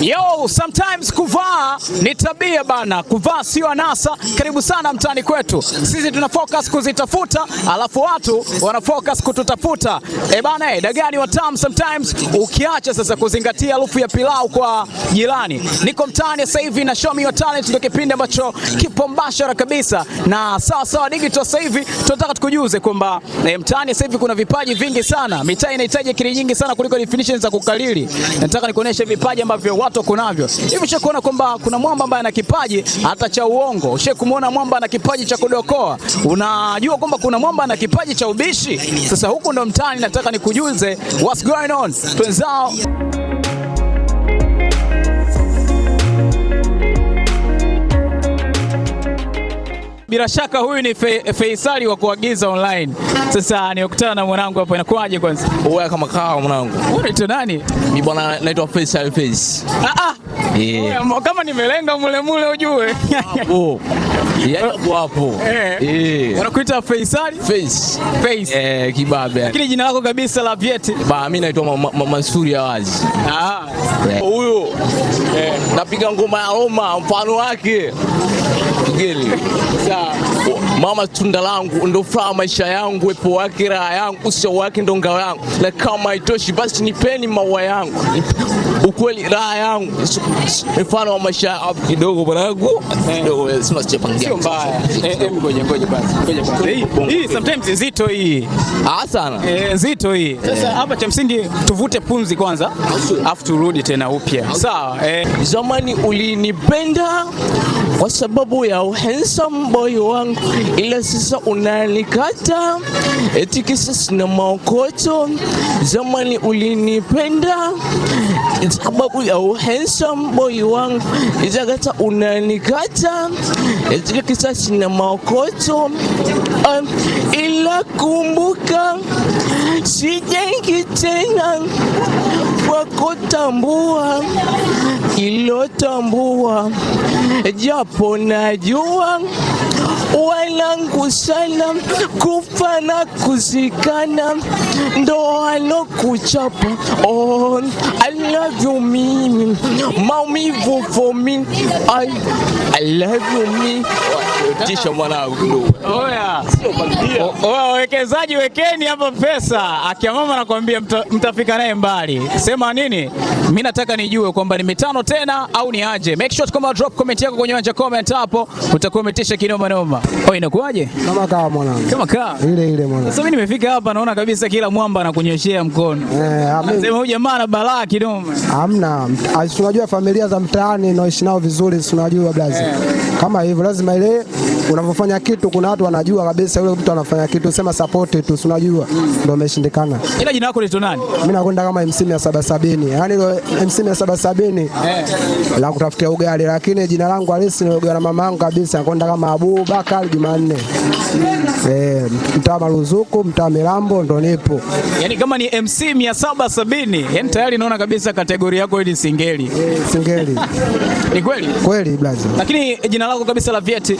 Yo, sometimes kuvaa ni tabia bana, kuvaa sio anasa. Karibu sana mtaani kwetu, sisi tuna focus kuzitafuta, alafu watu wana focus kututafuta. E bana, eh, dagani watamu. Sometimes ukiacha sasa kuzingatia harufu ya pilau kwa jirani. Niko mtaani sasa hivi na show me your talent, ndio kipindi ambacho kipo mbashara kabisa na sawa sawa digital. Sasa hivi tunataka tukujuze kwamba e, mtaani sasa hivi kuna vipaji vingi sana, mitaa inahitaji akili nyingi sana kuliko definitions za kukalili. Nataka nikuoneshe vipaji ambavyo watu navyo. hivi. Ushe kuona kwamba kuna mwamba ambaye ana kipaji hata cha uongo? Ushe kumuona mwamba ana kipaji cha kudokoa? Unajua kwamba kuna mwamba ana kipaji cha ubishi? Sasa huku ndo mtaani, nataka nikujuze what's going on twenzao bila shaka huyu ni fe, Feisali wa kuagiza online. Sasa nikutana na mwanangu hapo, inakuaje kwanza? Wewe kama kawa mwanangu. Wewe unaitwa nani? Mimi bwana naitwa Feisali Face. Ah ah. Yeah. Kama nimelenga mule mule ujue. Oh hapo hapo. Eh. eh. Wanakuita Faisali? Face. Face. Eh, kibabe. Lakini jina lako kabisa la vyeti? Ba, mimi naitwa Mansuri Awazi. Ah. Eh. Huyo. Eh, napiga ngoma ya Roma mfano wake. Kigeli. Sawa yako mama tunda langu ndo furaha maisha yangu, wepo wake raha yangu, uso wake ndo ngao yangu, na kama haitoshi basi nipeni maua yangu, ukweli raha yangu, mfano wa maisha hapo kidogo bwanangu. kidogo eh, sio mbaya. Eh, eh, ngoja ngoja basi, ngoja basi, hii sometimes nzito hii, ah sana nzito hii. Sasa hapa cha msingi tuvute pumzi kwanza, afu turudi tena upya, sawa. Zamani ulinipenda kwa sababu ya handsome boy wangu ila sasa unanikata eti kisa sina maokoto. Zamani ulinipenda sababu ya handsome boy wangu, ila unanikata eti kisa sina maokoto. Um, ila kumbuka sijengi tena kutambua ilotambua, japo najua wala sana kufa na kuzikana, ndo kuchapa. oh, I love you mimi maumivu for me I, I love you me tisha mwanangu. Oya oya, wekezaji wekeni hapa pesa, akiamama mama nakwambia mtafika naye mbali, sema nini? Mimi nataka nijue kwamba ni mitano tena au ni aje. Make sure kama drop comment yako kwenye anja comment hapo, utakuwa umetisha kinoma noma. Oh, inakuaje? Kama kaa mwanangu. Kama kaa. Ile ile mwanangu. Sasa mimi nimefika hapa naona kabisa kila mwamba anakunyoshea mkono. Eh, amen. Sema huyu jamaa ana balaa kinoma. Hamna. Tunajua familia za mtaani naishi nao vizuri, tunajua blazi. Eh. Kama hivyo lazima ile unavyofanya kitu, kuna watu wanajua kabisa yule mtu anafanya kitu, sema support tu, unajua ndio umeshindikana. Ila jina lako ni nani? Mimi nakwenda kama MC 770 yani MC 770 la kutafutia ugali, lakini jina langu halisi ni ugali na mama yangu kabisa, nakwenda kama Abu Bakari Jumanne. Eh, mtaa Maruzuku, mtaa Milambo ndo nipo. Yani kama ni MC 770, yani tayari naona kabisa kategoria yako ni singeli. Eh, singeli. Ni kweli? Kweli blaza. Lakini jina lako kabisa la vieti?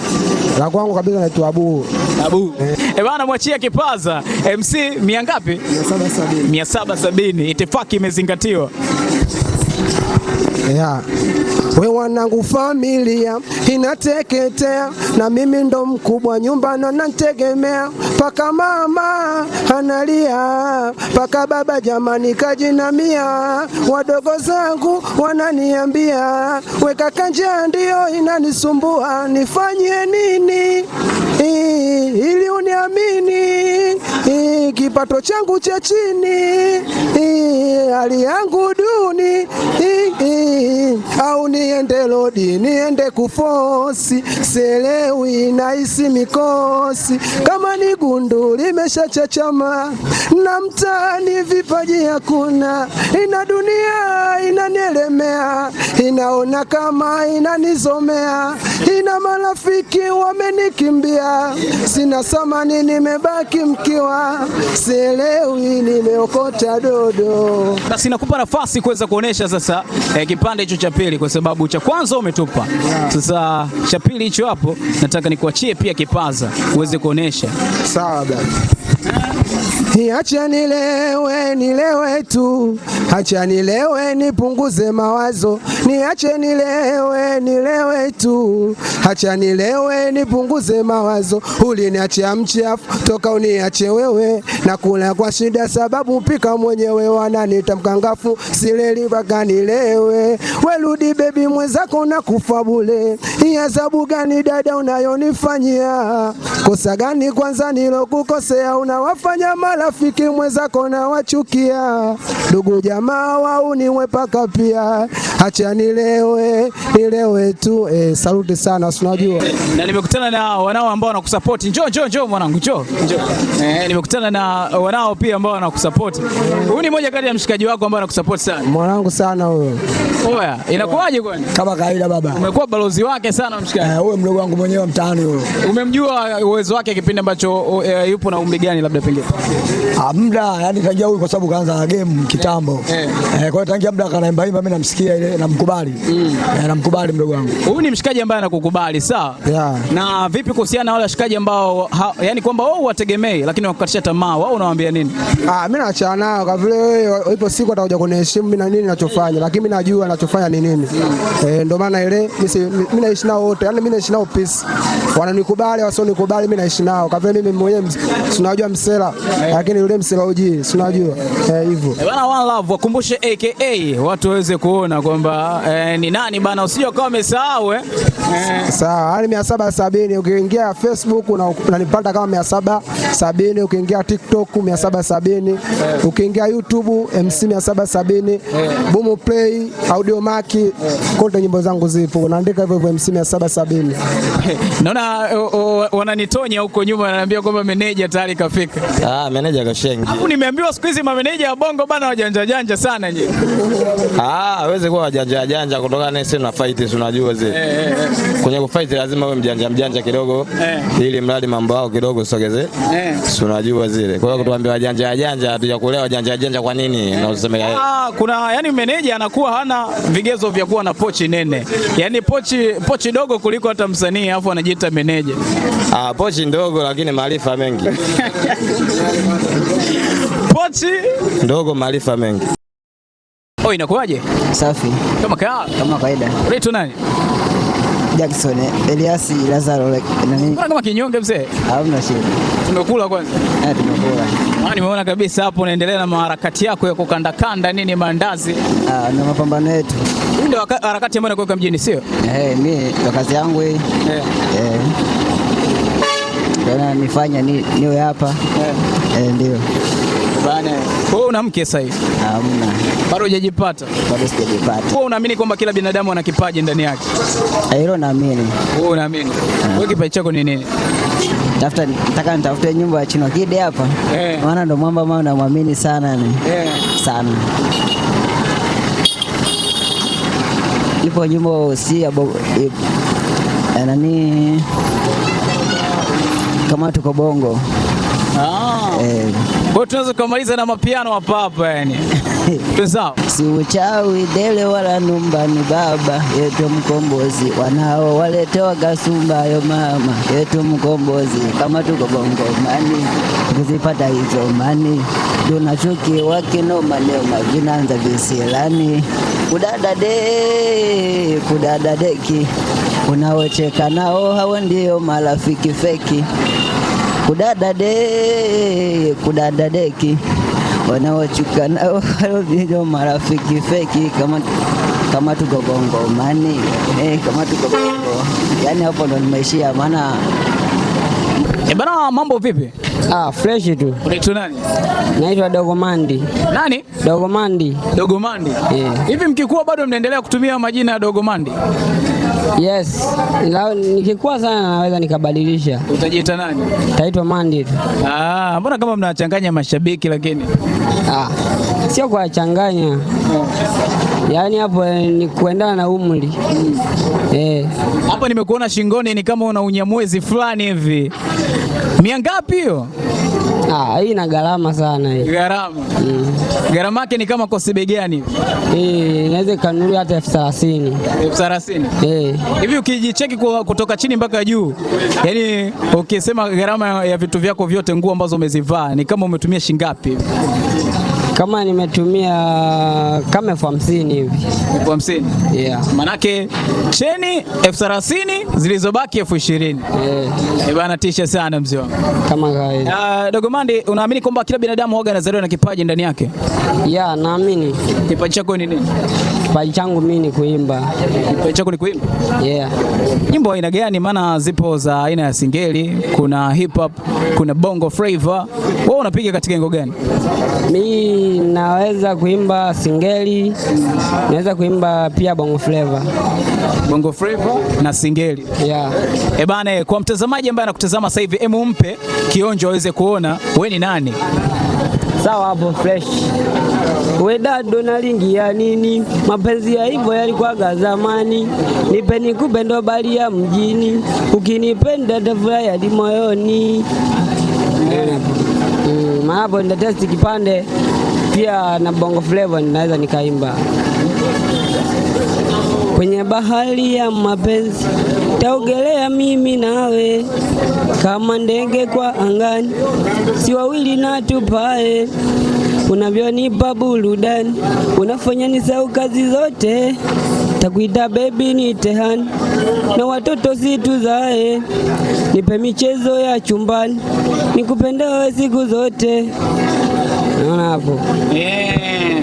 La kwangu kabisa naitwa Abu. Abu. Eh. E bana mwachia kipaza MC mia ngapi? 770. 770. Itifaki imezingatiwa. Yeah. We wanangu, familia inateketea, na mimi ndo mkubwa nyumba na nantegemea, paka mama analia, paka baba jamani, kajinamia. Wadogo zangu wananiambia, we kaka, njaa inanisumbua, nifanyie nini ili uniamini? kipato changu cha chini, hali yangu duni au niende lodi niende kufosi selewi isi mikosi kama ni gundu chachama, na mtani vipaji hakuna ina dunia imenielemea, inaona kama inanizomea, ina marafiki wamenikimbia, sina samani, nimebaki mkiwa, sielewi nimeokota dodo. Basi nakupa nafasi kuweza kuonesha sasa eh, kipande hicho cha pili, kwa sababu cha kwanza umetupa, sasa cha pili hicho hapo, nataka nikuachie pia kipaza uweze kuonesha. Sawa basi. Acha nilewe nilewe tu, acha nilewe nipunguze mawazo, niache nilewe nilewe tu, acha nilewe nipunguze mawazo. Uliniachia mchafu toka uniache wewe, na kula kwa shida sababu mpika mwenyewe, wananiita mkangafu, sileli mpaka nilewe. Werudi bebi mwenzako na kufa bule, ni adhabu gani dada unayonifanyia? Kosa gani kwanza nilokukosea? Unawafanya mala marafiki mwenzako na wachukia, ndugu jamaa wauniwepaka pia, acha nilewe nilewe tu eh. Saluti sana, tunajua na nimekutana na wanao ambao wanakusupport. Njoo njoo njoo mwanangu, njoo njoo eh, nimekutana na wanao pia ambao wanakusupport. Huyu ni mmoja kati ya mshikaji wako ambao anakusupport sana mwanangu sana huyo. Oya, inakuwaje kwani? Kama kawaida baba. Umekuwa balozi wake sana mshikaji. Eh, huyo mdogo wangu mwenyewe mtaani huyo. Umemjua uwezo wake kipindi ambacho uh, yupo na umri gani labda pengine? Muda yani tangia huyu kwa sababu kaanza game kitambo. Eh, eh. eh, kwa hiyo tangia muda kanaimba imba mimi namsikia ile namkubali. Mm. Eh, namkubali mdogo wangu. Huyu ni mshikaji ambaye anakukubali, sawa? Yeah. Na vipi kuhusiana na wale washikaji ambao yani kwamba wao wategemei lakini wakukatisha tamaa, wao unawaambia nini? Ah, mimi naachana nao kwa vile wewe ipo siku atakuja kuniheshimu mimi na nini ninachofanya, lakini mimi najua ninachofanya ni nini. Mm. Eh, ndio maana ile mimi naishi nao wote. Yani mimi naishi nao peace. Wananikubali, wasionikubali mimi naishi nao. Kwa vile mimi mwenyewe tunajua msela. Eh lakini yule msilauji si unajua eh, hivyo eh, bana. One Love wakumbushe aka watu waweze kuona kwamba eh, ni nani bana, usije ukawa umesahau eh. eh sawa, yani mia saba sabini ukiingia Facebook unanipata kama mia saba sabini ukiingia TikTok mia saba sabini ukiingia YouTube MC mia saba sabini Bumu Play Audio Maki kote nyimbo zangu zipo, unaandika hivyo hivyo MC mia saba sabini Naona wananitonya huko nyuma, ananiambia kwamba meneja tayari kafika. Ah, meneja meneja kashengi. Hapo nimeambiwa siku hizi mameneja wa bongo bana wajanja janja sana nyinyi. Ah, hawezi kuwa wajanja janja kutokana na sisi na fight si unajua zile. Eh, eh, eh. Kwenye ku fight lazima uwe mjanja mjanja kidogo eh, ili mradi mambo yao kidogo sogeze. Eh. Si unajua zile. Kwa hiyo eh. kutuambia wajanja janja tuja hatujakuelewa wajanja janja kwa nini eh, na useme ah, kuna yani meneja anakuwa hana vigezo vya kuwa na pochi nene. Yaani pochi pochi dogo kuliko hata msanii afu anajiita meneja. Ah, pochi ndogo lakini maarifa mengi. Pochi ndogo, maarifa mengi. Oh, inakuwaje? Safi. Kama kawaida. Kama kawaida. Unaitwa nani? Jackson Elias Lazaro like, nani? Kama kinyonge mzee. Hamna shida. Tumekula kwanza. Eh, tumekula. Ah, nimeona kabisa hapo unaendelea na harakati yako ya kukanda kanda nini mandazi. Ah, na mapambano yetu. Hii ndio harakati ambayo nakuweka mjini sio? Eh, hey, mimi ndo kazi yangu hii. Eh. Hey. Eh. Hey. Nifanya niwe hapa. Eh. Hey. Eh, ndio. Bana, wewe una mke sasa hivi? Hamna. Bado hujajipata? Bado sijajipata. Wewe unaamini kwamba kila binadamu ana kipaji ndani yake? Eh, hilo naamini. Wewe unaamini? Ah. Wewe kipaji chako ni nini? Tafuta, nataka nitafute nyumba ya Chino Kid hapa. Eh. Maana ndo mwamba maana namwamini sana ni. Eh. Sana. Ipo nyumba si ya nani kama tuko Bongo kwa tunaweza kumaliza na mapiano hapa hapa yani. Si uchawi dele wala numba ni baba yetu mkombozi, wanao waletoa gasumba yo mama yetu mkombozi. Kama tuko bongo mani kuzipata hizo mani tunachuki wakinoma leo majinaanza visilani kudada de kudada deki unaocheka hawa ndio marafiki feki kudadade kudadadeki wanaochuka nao walio marafiki feki kama kama tuko Bongo mani eh, kama tuko Bongo yani, hapo ndo nimeishia maana. E bana, mambo vipi? Ah, fresh tu. Unaitwa nani? Naitwa Dogomandi. Nani? Dogomandi. Dogomandi. Eh. Hivi Mkikuwa bado mnaendelea kutumia majina ya Dogomandi? Yes, nikikuwa sana naweza nikabadilisha. Utajiita nani? Taitwa Mandi tu. Ah, mbona kama mnawachanganya mashabiki lakini? Ah, sio kuwachanganya, yaani hapo eh, ni kuendana na umri. Hmm. Eh. Hapa nimekuona shingoni ni kama una unyamwezi fulani hivi. Mia ngapi hiyo? Ah, hii na gharama sana hii. Gharama. Mm. Gharama yake ni kama kosi gani? Eh, inaweza kanunua hata elfu thelathini. Elfu thelathini. Eh. Hivi ukijicheki kutoka chini mpaka juu, yaani ukisema gharama ya vitu vyako vyote nguo ambazo umezivaa ni kama umetumia shilingi ngapi? kama nimetumia kama elfu hamsini hivi. elfu hamsini? Yeah. Manake cheni elfu thelathini zilizobaki elfu ishirini. Yeah. E bana, tisha sana mzee wangu. Kama kawaida. Uh, Dogo Mandi, unaamini kwamba kila binadamu huaga anazaliwa na kipaji ndani yake? Yeah, naamini. Kipaji chako ni nini? Kipaji changu mimi ni kuimba. Kipaji chako ni kuimba? Yeah. Nyimbo aina gani? Maana zipo za aina ya singeli, kuna hip hop, kuna bongo flavor. Wewe unapiga katika ngo gani? Mimi naweza kuimba singeli, naweza kuimba pia bongo flavor. Bongo flavor na singeli. Yeah. Eh, bana, kwa mtazamaji ambaye anakutazama sasa hivi, emu mpe kionjo aweze kuona wewe ni nani sawa hapo fresh. Wedado nalingia nini? Mapenzi ya hivyo yalikwaga zamani, nipe nikupe ndo bali ya mjini, ukinipenda tafurahi hadi moyoni. Mm, mm, hapo nda testi kipande pia na bongo flavor, ninaweza nikaimba kwenye bahari ya mapenzi taogelea mimi nawe, kama ndege kwa angani, si wawili na tupae. Unavyonipa burudani, unafanya nisahau kazi zote, takuita bebi ni tehani, na watoto situzae. Nipe michezo ya chumbani, nikupenda wewe siku zote. Naona hapo? Eh,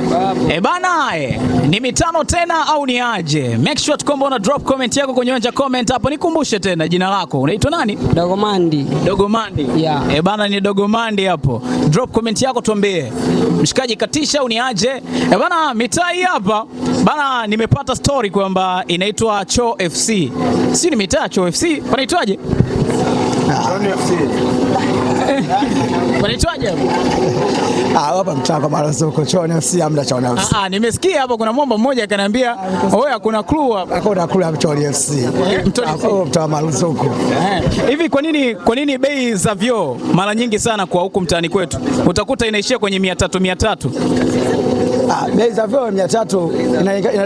e bana, eh, ni mitano tena au ni aje? Make sure tukombe una drop comment yako kwenye uwanja comment hapo. Nikumbushe tena jina lako. Unaitwa nani? Dogomandi. Dogomandi. Yeah. E bana, ni Dogomandi hapo. Drop comment yako tuambie. Mshikaji katisha au ni aje? E bana, mitai hapa. Bana, nimepata story kwamba inaitwa Cho FC. Si ni mitaa Cho FC? Panaitwaje? Cho FC. Wanaitwaje hapo? Ah, hapa mtaa kwa mara soko choni FC amda cha wana FC. Ah, ah, nimesikia hapo kuna mwamba mmoja akaniambia, "Wewe hakuna clue hapa." Hakuna clue hapo choni FC. Mtaa mara soko. Eh. Hivi kwa nini kwa nini bei za vyoo mara nyingi sana kwa huku mtaani kwetu utakuta inaishia kwenye 300 300? bei za vyoo mia tatu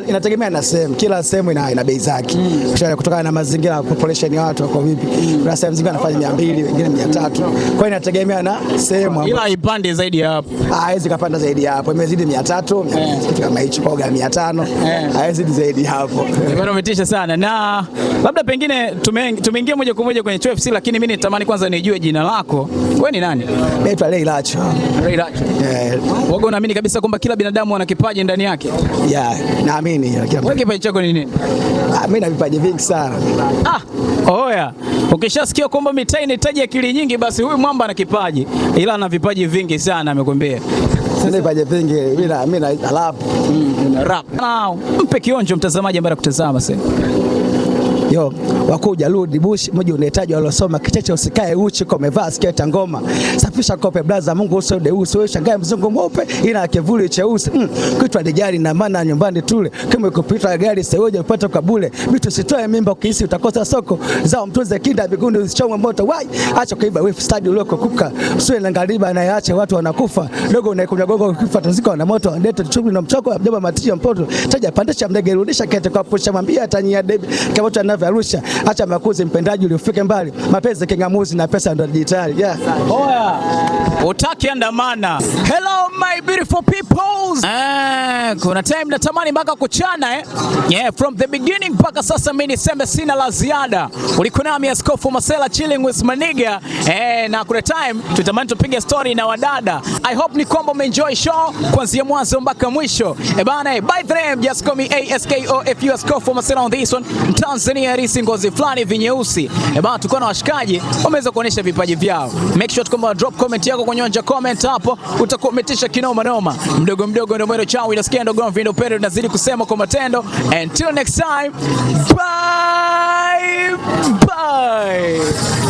inategemea na sehemu, kila sehemu ina ina bei zake kutokana na mazingira ya population ya watu wako vipi. Kuna sehemu zingine anafanya mia mbili wengine mia tatu kwa hiyo inategemea na sehemu, ila ipande zaidi ya hapo ah, haiwezi kapanda zaidi ya hapo, imezidi mia tatu eh. kitu kama hicho, kwa mia tano eh. haiwezi zaidi hapo. Bado Umetisha sana na labda pengine tumeingia moja kwa moja kwenye TFC, lakini mimi nitamani kwanza nijue jina lako, wewe ni nani? Naitwa Leilacho. Leilacho. Eh. Wewe unaamini kabisa kwamba kila binadamu ana vipaji ndani yake? Yeah, naamini. Wewe kipaji chako ni nini? Ah, mimi na vipaji vingi sana. Ah, oya. Ukishasikia kwamba mitaa inahitaji akili nyingi, basi huyu mwamba ana kipaji, ila ana vipaji vingi sana, amekwambia vipaji vingi. Mimi na rap. Mm, mpe kionjo mtazamaji ambaye anakutazama sasa yo wakuja rudi bush mji unahitaji walosoma kichache usikae uchi kwa umevaa sketa ngoma safisha kope blaza Mungu uso de uso wewe shangae mzungu mweupe ina kivuli cheusi mm, kitu dijali na maana nyumbani tule kama ikupita gari seweje upate kabule mtu sitoe mimba ukihisi utakosa soko zao mtunze kinda migundi usichomwe moto wai acha kuiba wewe stadi uliokukuka usiwe na ngariba na yaache watu wanakufa dogo unaikunywa gogo ukifa tuziko na moto ndeto chumbi na mchoko ya mjomba matija mpoto taja pandisha mdege rudisha kete kwa pusha mwambia atanyia debi kama watu vya Arusha, acha makuzi, mpendaji uliofika mbali, mapenzi kingamuzi na pesa ndo dijitali. Yeah. Oya. Utaki andamana. Hello my beautiful peoples. Eh, kuna time natamani mpaka kuchana eh. Yeah, from the beginning mpaka sasa mimi niseme sina la ziada. Ulikuwa nami Askofu Masela chilling with Maniga eh, na kuna time tutamani tupige story na wadada. I hope ni kwamba umeenjoy show kuanzia mwanzo mpaka mwisho. Eh, bana, eh, by the name just call me ASKOFU Askofu Masela on this one. Tanzania Harris ngozi fulani vinyeusi. E bana, tulikuwa na washikaji wameweza kuonyesha vipaji vyao. Make sure tukomba drop comment yako kwenye onja comment hapo, utakometisha kinoma noma. Mdogo mdogo ndio mwendo chao, inasikia ndogo mvindo pendo tunazidi kusema kwa matendo. Until next time, bye bye.